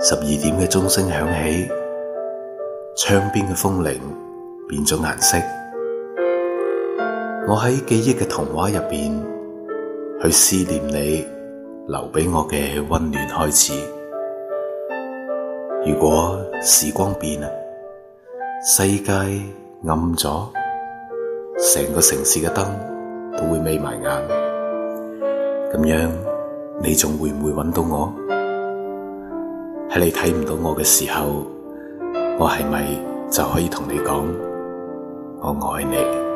十二點嘅鐘聲響起，窗邊嘅風鈴變咗顏色。我喺記憶嘅童話入邊去思念你，留俾我嘅溫暖開始。如果時光變啦，世界暗咗，成個城市嘅燈都會眯埋眼，咁樣你仲會唔會揾到我？喺你睇唔到我嘅時候，我係咪就可以同你講我愛你？